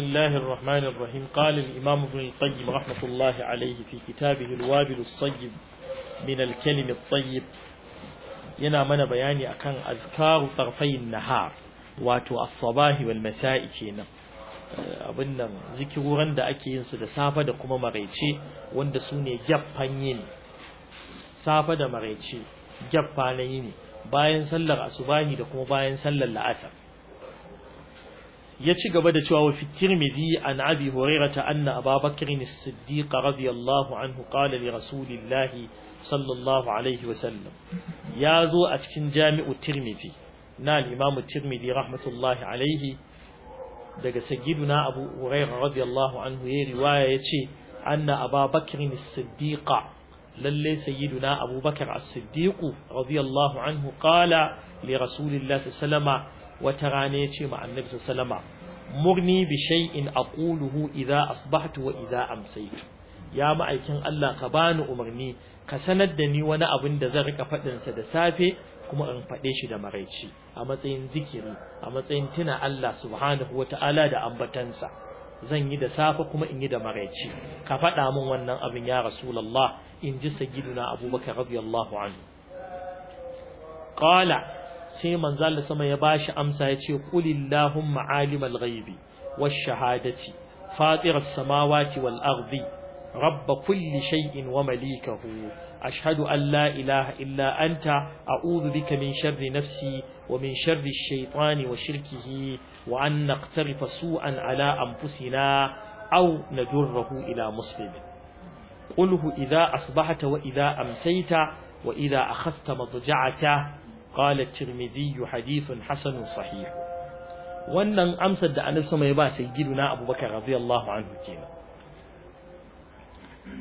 الله الرحمن الرحيم قال الإمام ابن القيم رحمة الله عليه في كتابه الوابل الصيب من الكلم الطيب yana mana bayani akan azkaru tarfayin nahar wato as wal masa'i kenan abin nan zikiroran da ake yin su da safe da kuma maraice wanda su ne gaffan yini safe da maraice gaffa na ne, bayan sallar asubahi da kuma bayan sallar la'asar ya ci gaba da cewa wa fi tirmidhi an abi hurairata anna ababakr as-siddiq radiyallahu anhu qala li rasulillahi sallallahu alaihi wa sallam ya zo a cikin jami'u tirmidhi na al-imam tirmidhi rahmatullahi alaihi daga sayyiduna abu hurairah radiyallahu anhu ya riwaya ya yace anna ababakr as-siddiq lalle sayyiduna abubakar a siddiq radiyallahu anhu qala li rasulillahi sallallahu sallam wata rana ya ce ma annabi sallama murni bi shay'in aquluhu idza asbahtu wa idza amsaytu ya ma'aikin Allah ka bani umarni ka sanar da ni wani abin da zan rika faɗin sa da safe kuma in faɗe shi da maraici a matsayin zikiri a matsayin tuna Allah subhanahu wata'ala da ambatansa zan yi da safe kuma in yi da maraici ka faɗa min wannan abin ya rasulullah in ji sayyiduna abubakar radiyallahu anhu qala sai manzo Allah sama ya bashi amsa ya ce qulillahumma alimal ghaibi wash shahadati fatiras samawati wal ardi rabba kulli shay'in wa malikahu ashhadu allah la ilaha illa anta a a'udhu bika min sharri nafsi wa min sharri ash wa shirkihi wa an naqtarifa su'an ala anfusina aw nadurruhu ila muslimin قل إذا أصبحت وإذا أمسيت وإذا أخذت مضجعك kala tirmidhi hadithun hasanun sahih wannan amsar da annabi mai ba ba sayyiduna abubakar radiyallahu anhu kenan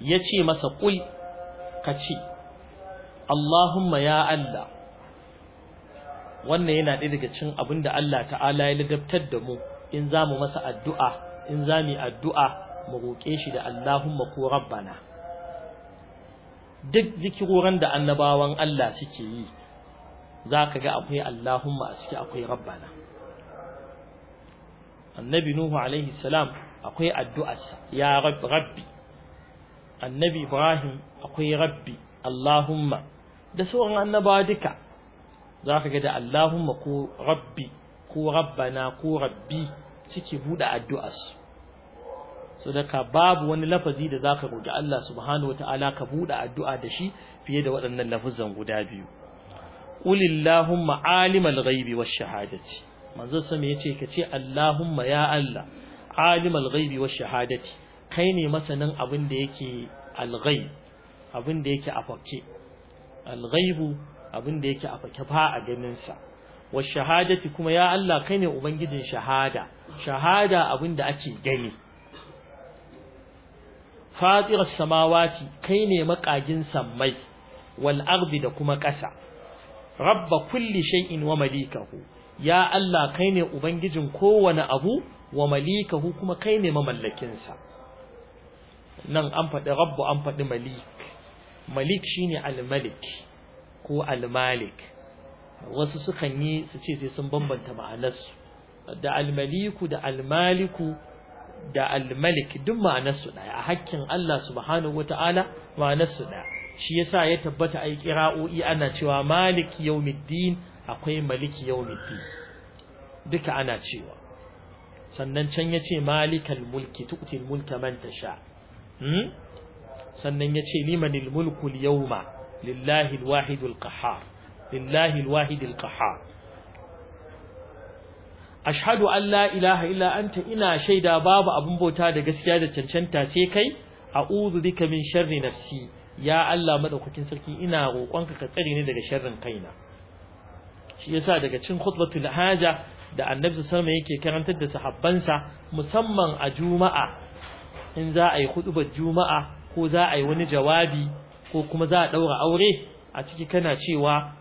yace masa kul kace Allahumma ya Allah wannan yana ɗaya daga cikin abin da Allah ta'ala ya ladabtar da mu in za mu masa addu'a in za mu addu'a mu roƙe shi da Allahumma ko rabbana duk zikiroran da annabawan Allah suke yi Za ka ga akwai Allahumma a ciki akwai rabbana annabi nuhu alaihi salam akwai addu'arsa ya rabbi annabi ibrahim akwai rabbi Allahumma da sauran annabawa duka za ka ga da Allahumma ko rabbi ko rabbana ko rabbi ciki buɗe addu'arsu sadaka babu wani lafazi da zaka roki Allah subhanahu ta'ala ka buɗe addu'a da shi fiye da waɗannan lafazan guda biyu qul allahumma alimal ghaibi wash shahadati manzo sama yace kace allahumma ya allah alimal ghaibi shahadati kai ne masanin abin da yake al-ghaib abin da yake afake al-ghaibu abin da yake afake fa a ganinsa. sa shahadati kuma ya Allah kai ne ubangijin shahada shahada abin da ake gani kai ne makagin mai wal da kuma ƙasa rabba kulli shay'in wa malikahu ya Allah kai ne ubangijin kowane abu wa malikahu kuma kai ne mamallakin sa nan an faɗi rabbu an faɗi malik malik shine al-malik ko al-malik wasu sukan yi su ce sai sun bambanta ma'anarsu da al-maliku da al-maliku da al-malik duk ma'anarsu ɗaya a hakkin Allah subhanahu wata'ala ma'anarsu ɗaya shi yasa ya tabbata ai qira'o'i ana cewa maliki yawmiddin akwai maliki yawmiddin duka ana cewa sannan can yace malikal mulki tu'til mulka man tasha hmm sannan yace limanil mulku al-yawma lillahi al-wahid al-qahhar lillahi al-wahid al-qahhar ashhadu an la ilaha illa anta ina shaida babu abun bauta da gaskiya da cancanta sai kai a'udhu bika min sharri nafsi ya Allah madaukakin sarki ina roƙonka ka tsare ni daga sharrin kaina shi yasa daga cin khutbatul haja da annabi sallallahu alaihi yake karantar da sahabbansa musamman a juma'a in za a yi khutbar juma'a ko za a yi wani jawabi ko kuma za a daura aure a ciki kana cewa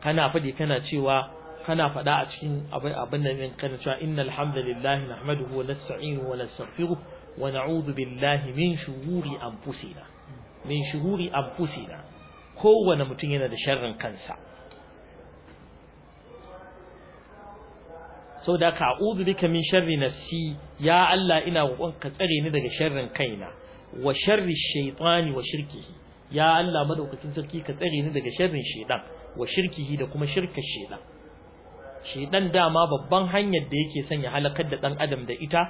kana faɗi kana cewa kana faɗa a cikin abin abin nan kana cewa innal hamdalillahi nahmaduhu wa nasta'inu wa nastaghfiruh ونعوذ بالله من شرور أنفسنا من شرور أنفسنا mutum yana da sharrin kansa so da ka a'udhu bika min sharri nafsi ya Allah ina ka tsare ni daga sharrin kaina wa sharri shaytani wa shirkihi ya Allah madaukakin sarki ka tsare ni daga sharrin shaytan wa shirkihi da kuma shirka shaytan shaytan dama babban hanyar da yake sanya ya halakar da dan adam da ita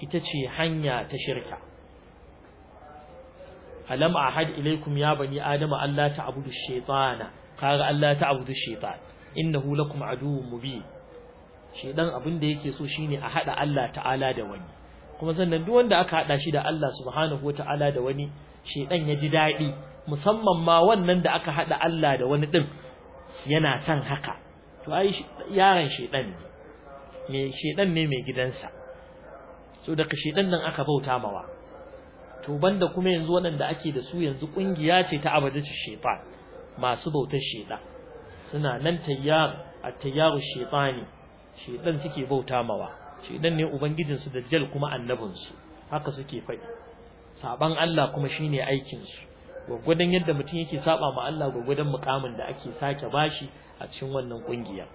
ita ce hanya ta shirka alam ahad ilaikum ya bani adama Allah ta'budu shaytana kaga Allah ta'budu shaytan innahu lakum aduwwun mubin shedan abin da yake so shine a hada Allah ta'ala da wani kuma sannan duk wanda aka hada shi da Allah subhanahu Ta'ala da wani shedan ya ji dadi musamman ma wannan da aka hada Allah da wani din yana son haka to ai yaron shedan ne me shedan ne mai gidansa so da kashe nan aka bauta mawa to banda kuma yanzu waɗanda ake da su yanzu kungiya ce ta abadatu shaytan masu bautar shaytan suna nan tayyar at-tayyaru shaytani shaytan suke bauta mawa shaytan ne ubangijin su dajjal kuma annabin su haka suke faɗi saban Allah kuma shine aikin su yadda mutum yake saba ma Allah gwagwadon mukamin da ake sake bashi a cikin wannan kungiya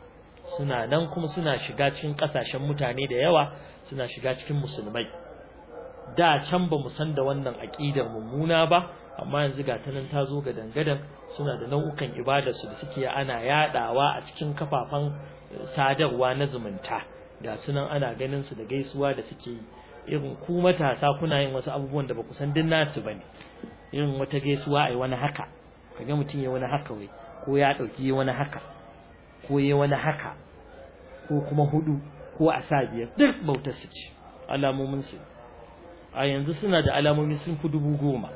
suna nan kuma suna shiga cikin kasashen mutane da yawa suna shiga cikin musulmai da can ba mu san da wannan aqidar mummuna ba amma yanzu ga tanan ta zo ga dangadan suna da nau'ukan ibada su da suke ana yadawa a cikin kafafan eh, sadarwa na zumunta da sunan ana ganin su da gaisuwa da suke yi irin ku matasa kuna yin wasu abubuwan da ba ku san ba bane irin wata gaisuwa ai wani haka kaga mutum ya wani haka wai ko ya dauki wani haka ko ya wani haka ko kuma hudu ko a sa biyar duk bautar su ce alamomin su a yanzu suna da alamomi sun fi dubu goma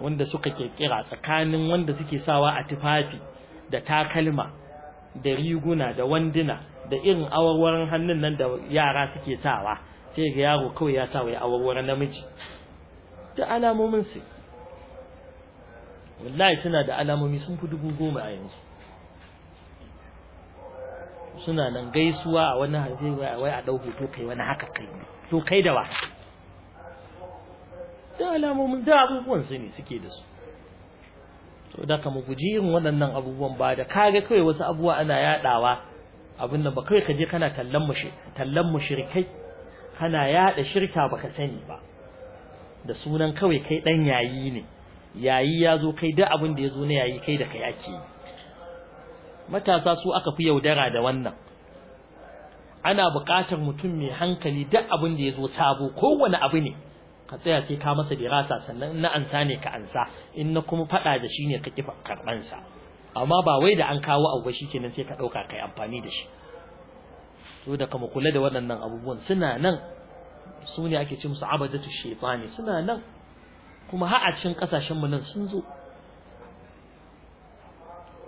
wanda suka kirkira tsakanin wanda suke sawa a tufafi da takalma da riguna da wanduna da irin awarwaran hannun nan da yara suke sawa sai ga yaro kawai ya sa wai awarwaran namiji da alamomin su wallahi suna da alamomi sun fi dubu goma a yanzu suna nan gaisuwa a wani harfe wai a ɗau hoto kai wani haka kai to kai da wa da alamomin da abubuwan su ne suke da su to da kama guji irin waɗannan abubuwan ba da kaga kawai wasu abubuwa ana yaɗawa abin da ba kawai ka je kana tallan mushi tallan kana yaɗa shirka baka sani ba da sunan kawai kai ɗan yayi ne yayi ya zo kai da abin da ya zo na yayi kai da kai ake yi matasa su aka fi yaudara da wannan ana buƙatar mutum mai hankali duk abin da ya zo sabo kowane abu ne ka tsaya sai ka masa dirasa sannan na ansa ne ka ansa in na kuma faɗa da shi ne ka ƙi karɓansa amma ba wai da an kawo abu ba shikenan sai ka ɗauka kai amfani da shi so da kuma kula da waɗannan abubuwan suna nan su ne ake ce musu abadatu shaytani suna nan kuma har a cikin kasashen mu nan sun zo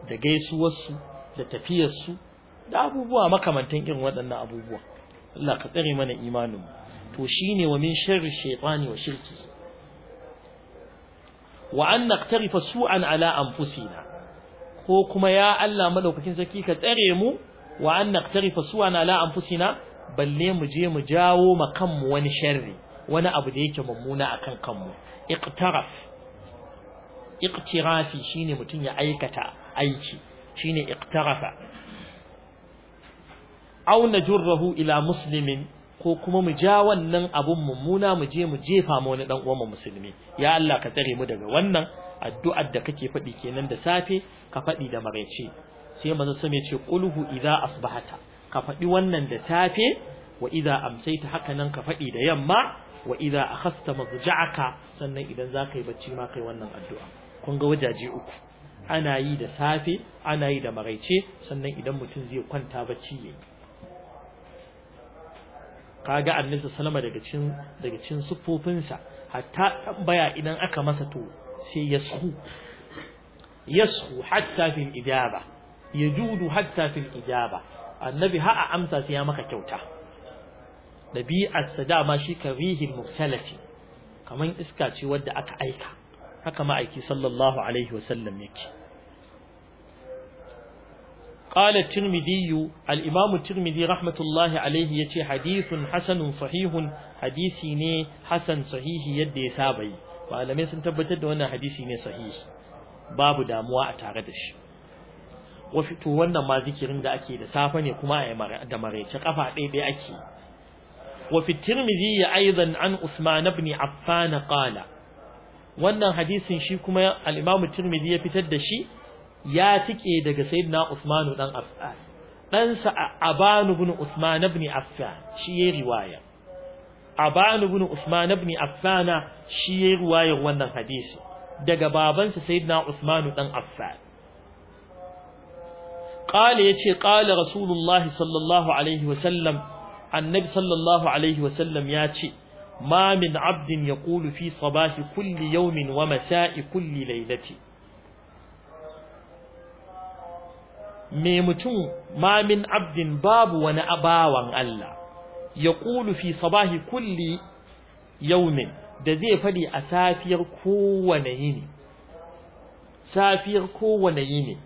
da gaisuwarsu da tafiyarsu da abubuwa makamantan irin waɗannan abubuwa Allah ka tsare mana imanin to shine wa min sharri shaytani wa shirki wa an naqtarifa su'an ala anfusina ko kuma ya Allah madaukakin sarki ka tsare mu wa an naqtarifa su'an ala anfusina balle mu je mu jawo ma kanmu wani sharri wani abu da yake mummuna akan kanmu iqtaraf iqtirafi shine mutun ya aikata aiki shine iqtarafa aw najurruhu ila muslimin ko kuma mu ja wannan abun mummuna mu je mu jefa mu wani dan uwan musulmi ya Allah ka tsare mu daga wannan addu'ar da kake faɗi kenan da safe ka faɗi da maraice sai manzo sai ya ce qulhu idza asbahata ka faɗi wannan da safe wa idza amsayta haka nan ka faɗi da yamma wa idza akhasta mazja'aka sannan idan zakayi barci bacci ma kai wannan addu'a kun ga wajaje uku ana yi da safe ana yi da maraice sannan idan mutum zai kwanta bacci yayi kaga annabi sallama daga cikin daga cikin sufofinsa hatta tambaya idan aka masa to sai yashu yashu hatta fil ijaba yajudu hatta fil ijaba annabi ha a amsa sai ya maka kyauta dabi'at sa dama shi karihil mursalati kaman iska ce wadda aka aika haka ma'aiki sallallahu alaihi wasallam yake qala tirmidhi al-imam tirmidhi rahmatullahi alayhi ce hadithun hasanun sahihun hadisi ne hasan sahihi yadda ya saba yi sun tabbatar da wannan hadisi ne sahihi babu damuwa a tare da shi wafi to wannan ma zikirin da ake da safe ne kuma a da maraice kafa ɗaya ɗaya ake wafi tirmidhi ya aidan an usman ibn affan qala wannan hadisin shi kuma al-imam ya fitar da shi ya tike daga sayyidina Usman dan Affan ɗansa Aban ibn Usman ibn Affan shi ya riwaya Aban ibn Usman ibn Affan shi ya riwaya wannan hadisi daga babansa sayyidina Usman dan Affan قال يتي قال رسول الله صلى الله عليه وسلم النبي صلى الله عليه وسلم ياتي ما من عبد يقول في kulli yawmin يوم ومساء kulli, ليلة me mutum ma min abdin babu wani abawan Allah ya ƙulu fi sabahi kulli yaumin da zai faɗi a safiyar kowane yini safiyar kowane yini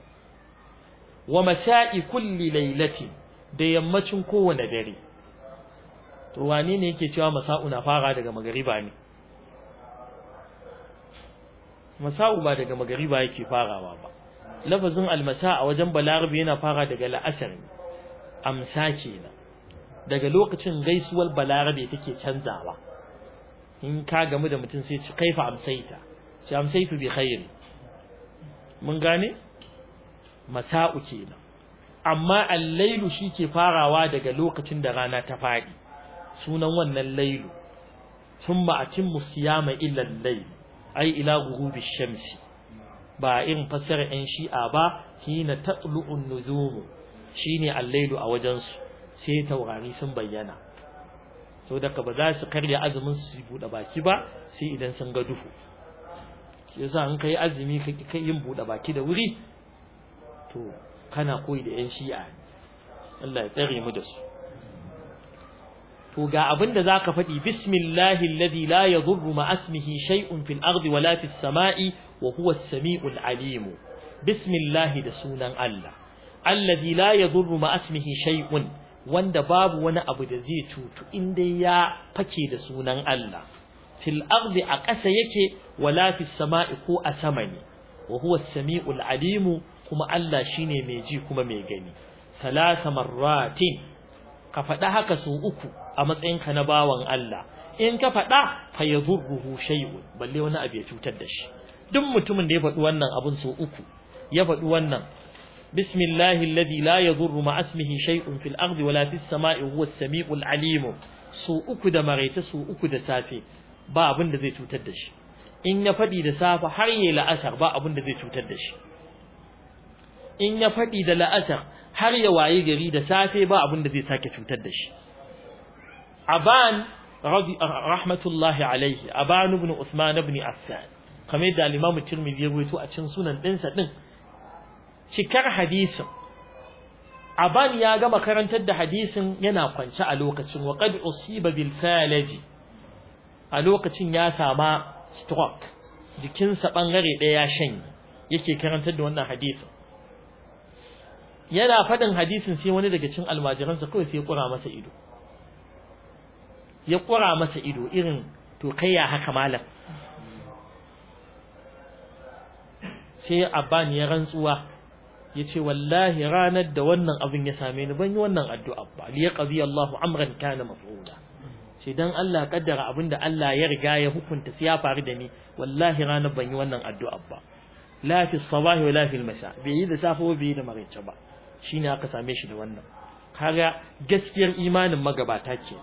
wa masha'i kulli lailatin da yammacin kowane dare to wane ne yake cewa masa'u na fara daga magariba ne masa'u ba daga magariba yake farawa ba lafazin almasa a wajen balarabi yana fara daga la'asar amsa kenan daga lokacin gaisuwar balarabe take canzawa in ka gamu da mutum sai ci kaifa amsaita sai amsaitu bi khairi mun gane masa'u kenan amma al-lailu shike farawa daga lokacin da rana ta fadi sunan wannan lailu thumma atimmu siyama illa al lail ay ila ghurubish shamsi ba in fasara 'yan shi'a ba hina taqlu'un nujumu shine al-lailu a wajen su sai taurari sun bayyana so daga ba za su karya azumin su buɗe baki ba sai idan sun ga duhu yasa in kai azumi ka ki yin buɗe baki da wuri to kana koyi da yan shi'a Allah ya tsare mu da su to ga abin da zaka faɗi bismillahil alladhi la yadurru ma asmihi shay'un fil ardi wala fis sama'i wa huwa as-sami'ul alim bismillahi da sunan Allah allazi la yadurru ma asmihi shay'un wanda babu wani abu da zai cutu in dai ya fake da sunan Allah fil ardi a ƙasa yake wala fis sama'i ko a sama ne wa huwa as-sami'ul alim kuma Allah shine mai ji kuma mai gani salasa marratin ka faɗa haka su uku a matsayinka na bawan Allah in ka faɗa fa yadurruhu shay'un balle wani abu ya cutar da shi duk mutumin da ya faɗi wannan abun sau uku ya faɗi wannan bismillahi alladhi la yadhurru ma ismihi shay'un fil ardi wala fis sama'i huwa as-sami'ul alim sau uku da maraita sau uku da safe ba abin da zai cutar da shi in ya faɗi da safe har yayi la'asar ba abin da zai cutar da shi in ya faɗi da la'asar har ya waye gari da safe ba abin da zai sake cutar da shi aban rahmatullahi alayhi, aban ibn usman ibn affan kamar yadda al-Imam Tirmidhi ya rawaito a cikin sunan dinsa din cikar hadisin Aban ya gama karantar da hadisin yana kwance a lokacin wa qad usiba bil falaji a lokacin ya sama stroke jikinsa bangare ɗaya ya shanye yake karantar da wannan hadisin yana faɗin hadisin sai wani daga cikin almajiransa kawai sai ya kura masa ido ya kura masa ido irin to kai ya haka malam sai Abban ya rantsuwa yace wallahi ranar da wannan abin ya same ni ban yi wannan addu'a ba li yaqdi Allahu amran kana mafuda sai dan Allah kaddara abinda Allah ya riga ya hukunta sai ya faru da ni wallahi ranar ban yi wannan addu'a ba la fi sabah wa fi masa bai yi da safo bai yi da maraice ba shine aka same shi da wannan kaga gaskiyar imanin magabata ce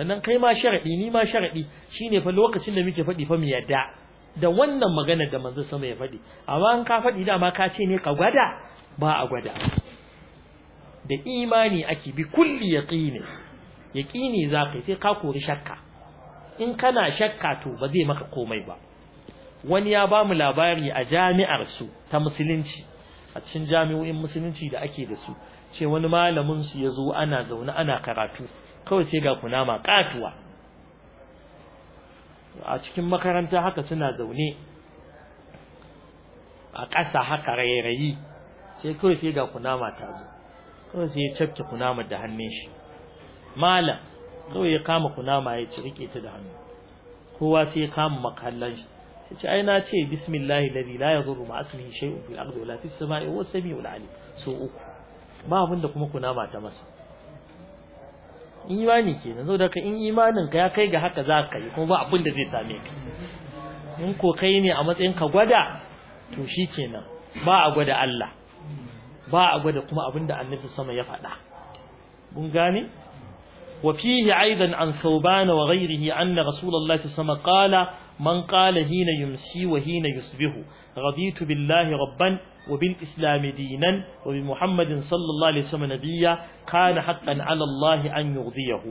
sannan kai ma sharadi ni ma sharadi ne fa lokacin da muke faɗi fa mu yadda da wannan magana da manzo sama ya faɗi amma an ka faɗi ma ka ce ne ka gwada ba a gwada da imani ake bi kulli yaqini yaqini ka sai ka kori shakka in kana shakka to ba zai maka komai ba wani ya ba mu labari a jami'ar su ta musulunci a cikin jami'o'in musulunci da ake da su ce wani malamin su ya zo ana zaune ana karatu kawai sai ga kunama katuwa a cikin makaranta haka suna zaune a ƙasa haka rairayi sai kawai sai ga kunama ta zo kawai sai ya cafke kunama da hannun shi malam kawai ya kama kunama ya ci rike ta da hannu kowa sai ya kama makallan shi ya ce ai na ce bismillahi ladhi la yadurru ma ismihi shay'un fil ardi wala fis sama'i wa samiul alim so uku ba abin da kuma kunama ta masa imani kenan so daga in imanin ka ya kai ga haka za ka yi kuma ba abin da zai same ka in ko kai ne a matsayin ka gwada to shi kenan ba a gwada Allah ba a gwada kuma abin da annabi sama ya faɗa mun gane وفيه أيضا عن ثوبان وغيره أن رسول الله صلى من قال هنا يمسي وهنا يصبح رضيت بالله ربا وبالإسلام دينا وبمحمد صلى الله عليه وسلم نبيا كان حقا على الله أن يغذيه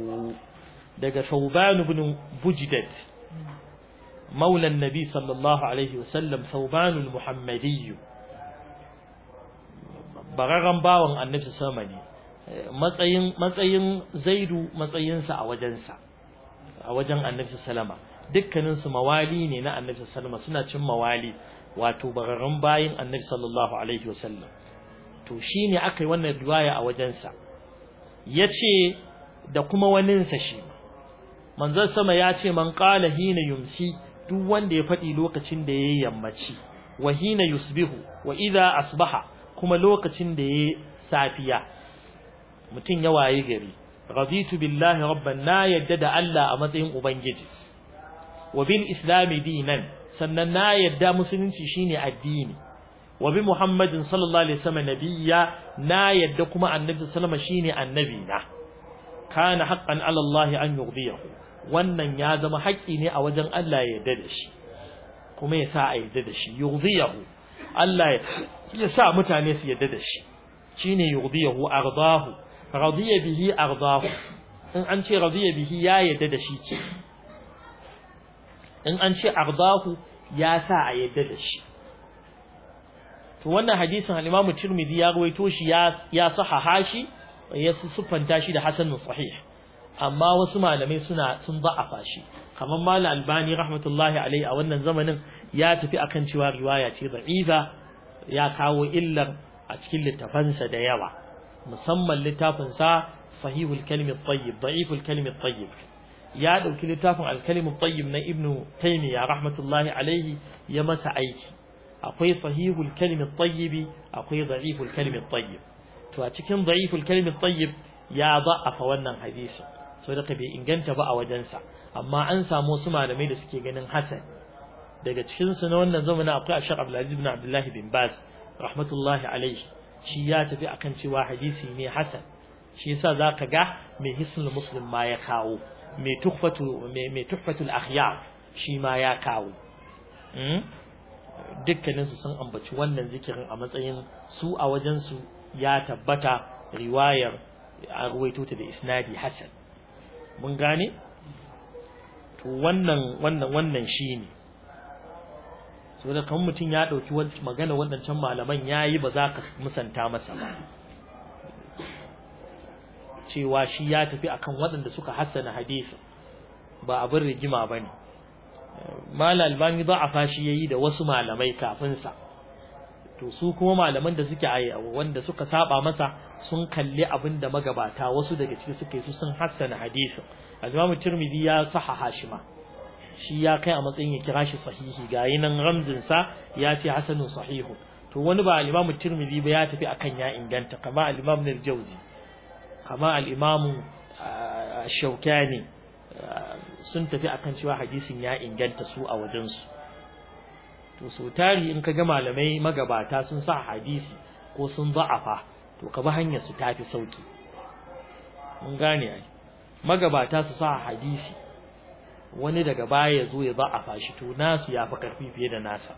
دقى ثوبان بن بجدد مولى النبي صلى الله عليه وسلم ثوبان المحمدي بغغم باوان annabi sama ne matsayin matsayin zaidu matsayinsa a wajensa a wajen dukkanin su mawali ne na annabi sallallahu suna cin mawali wato bararrun bayin annabi sallallahu alaihi wasallam to shine aka yi wannan riwaya a wajensa yace da kuma waninsa shi manzon sama ya ce man qala hina yumsi duk wanda ya faɗi lokacin da yayi yammaci wa hina yusbihu wa idha asbaha kuma lokacin da yayi safiya mutun ya waye gari raditu billahi rabban na yadda da Allah a matsayin ubangiji wa bil islami dinan sannan na yadda musulunci shine addini wa Muhammadu muhammadin sallallahu alaihi wasallam nabiyya na yadda kuma annabi sallama shine annabi na kana haqqan ala allah an wannan ya zama haƙƙi ne a wajen Allah ya yarda da shi kuma ya sa a yarda da shi yughdiyahu Allah ya sa mutane su yarda da shi shine yughdiyahu ardahu radiya bihi ardahu in an ce radiya bihi ya yarda da shi ke in an ce arbahu ya sa a yadda da shi to wannan hadisin al-Imam Tirmidhi ya rawaito shi ya ya sahaha shi ya sufanta shi da hasanun sahih amma wasu malamai suna sun da'afa shi kamar Malam Albani rahmatullahi alaihi a wannan zamanin ya tafi akan cewa riwaya ce da'ifa ya kawo illar a cikin littafansa da yawa musamman littafinsa sahihul kalmi tayyib da'iful kalmi tayyib ya ɗauki littafin alkalimin tayyib na ibnu taymiya rahmatullahi alaihi ya masa aiki akwai sahihul kalimin tayyibi akwai da'iful kalimin tayyib to a cikin da'iful kalimin tayyib ya fa wannan hadisi so da bai inganta ba a wajensa amma an samu wasu malamai da suke ganin hasan daga cikin su na wannan zamanin akwai ashar abdulaziz bin abdullahi bin baz rahmatullahi alaihi shi ya tafi akan cewa hadisi ne hasan shi yasa zaka ga mai hisnul muslim ma ya kawo mai tuhfatu mai tuhfatul shi ma ya kawo hmm? dukkaninsu sun ambaci wannan zikirin a matsayin su a wajensu ya tabbata riwayar a ruwaito ta da isnadi hasan mun gane wannan wannan wannan shine so da kan mutum ya dauki magana wannan can malaman yayi ba za ka musanta masa ba cewa shi ya tafi akan waɗanda suka hassana hadisi ba abin rigima ba ne mal albani za a fashi yayi da wasu malamai kafin sa to su kuma malaman da suke a wanda suka saba masa sun kalli abinda magabata wasu daga ciki suke su sun hassana hadisin al-imam tirmidhi ya sahaha shi ma shi ya kai a matsayin ya kira shi sahihi gayi nan ramzin sa ya ce hasanun sahihu to wani ba al-imam tirmidhi ba ya tafi akan ya inganta kamar al-imam kama al'imamin shauka ne sun tafi akan cewa hadisin ya inganta su a wajensu to so tari in ka ga malamai magabata sun sa hadisi ko sun za'afa to ka bi hanyar su tafi sauki mun gane ai magabata su sa hadisi wani daga baya ya zo ya za'afa shi to nasu ya fi karfi fiye da nasa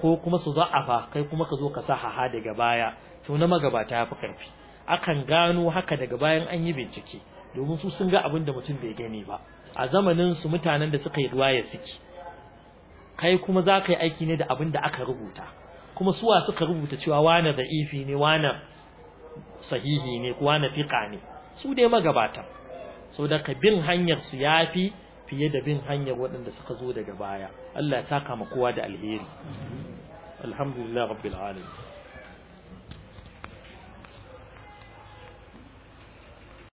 ko kuma su za'afa kai kuma ka zo ka sa haha daga baya to na magabata ya fi karfi akan gano haka daga bayan an yi bincike domin su sun ga abin da mutum bai gani ba a zamanin su mutanen da suka yi ruwaya suke kai kuma za ka yi aiki ne da abin da aka rubuta kuma suwa suka rubuta cewa wane za'ifi ne wane sahihi ne wane fiƙa ne su dai magabata so da ka bin hanyar su yafi fiye da bin hanyar waɗanda suka zo daga baya Allah ya saka ma kowa da alheri alhamdulillah rabbil alamin